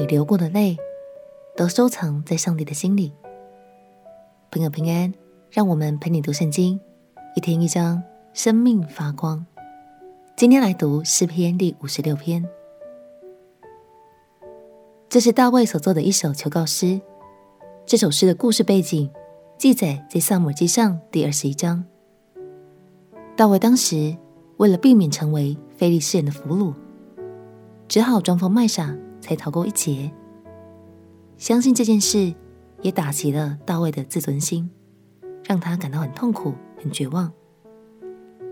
你流過的淚，都收藏在上帝的心裡。朋友平安，讓我們陪你讀聖經，一天一章，生命發光。今天來讀詩篇第五十六篇，這是大衛所作的一首求告詩。這首詩的故事背景記載在撒母耳記上第二十一章。大衛當時為了避免成為非利士人的俘虜，只好裝瘋賣傻。才逃過一劫。相信這件事也打擊了大衛的自尊心，讓他感到很痛苦、很絕望。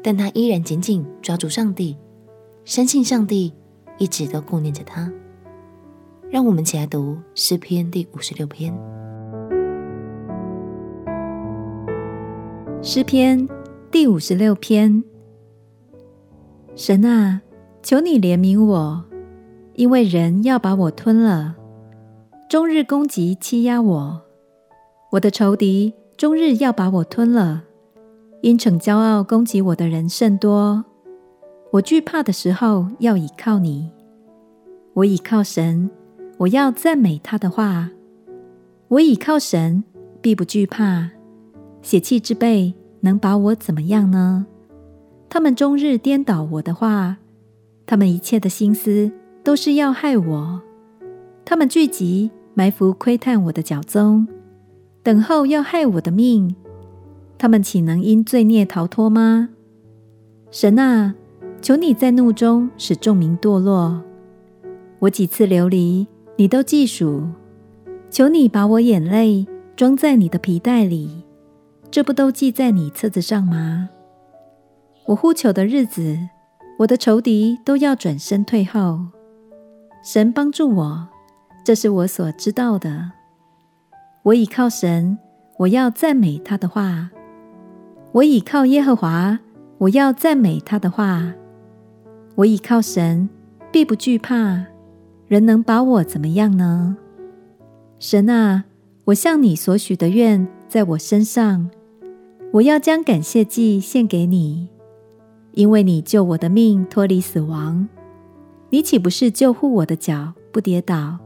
但他依然緊緊抓住上帝，深信上帝一直都顧念着他。讓我們一起來讀詩篇第五十六篇。詩篇第五十六篇：神啊，求你憐憫我。因為人要把我吞了，終日攻擊欺壓我；我的仇敵終日要把我吞了。因逞驕傲攻擊我的人甚多，我懼怕的時候要倚靠你。我倚靠神，我要讚美他的話。我倚靠神，必不懼怕。血氣之輩能把我怎麼樣呢？他們終日顛倒我的話，他們一切的心思。都是要害我。他們聚集埋伏，窺探我的腳蹤，等候要害我的命。他們豈能因罪孽逃脫嗎？神啊，求你在怒中使眾民墮落。我幾次流離，你都記數。求你把我眼淚裝在你的皮袋裡，這不都記在你冊子上嗎？我呼求的日子，我的仇敵都要轉身退後。神幫助我，這是我所知道的。我倚靠神，我要讚美祂的話。我倚靠耶和華，我要讚美祂的話。我倚靠神，必不懼怕。人能把我怎麼樣呢？神啊，我向你所許的願在我身上。我要將感謝祭獻給你，因為你救我的命脫離死亡。你豈不是救護我的腳不跌倒，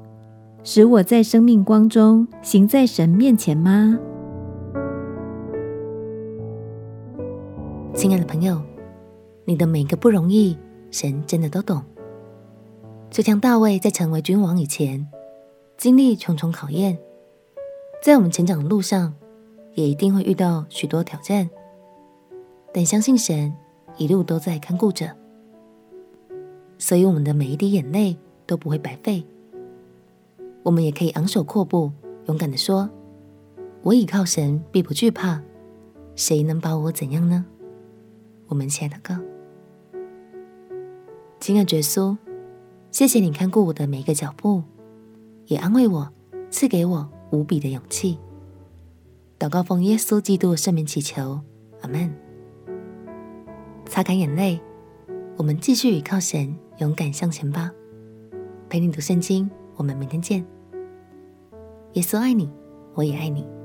使我在生命光中行在神面前嗎？親愛的朋友，你的每一個不容易，神真的都懂。就像大衛在成為君王以前，經歷重重考驗，在我們成長的路上，也一定會遇到許多挑戰，但相信神一路都在看顧着。所以，我們的每一滴眼淚都不會白費。我們也可以昂首闊步，勇敢地說：“我倚靠神，必不懼怕，誰能把我怎樣呢？”我們親愛的禱告，親愛的耶穌，謝謝你看顧我的每一個腳步，也安慰我，賜給我無比的勇氣。禱告奉耶穌基督聖名祈求，阿門。擦乾眼淚，我們繼續倚靠神。勇敢向前吧，陪你讀聖經。我們明天見。耶穌愛你，我也愛你。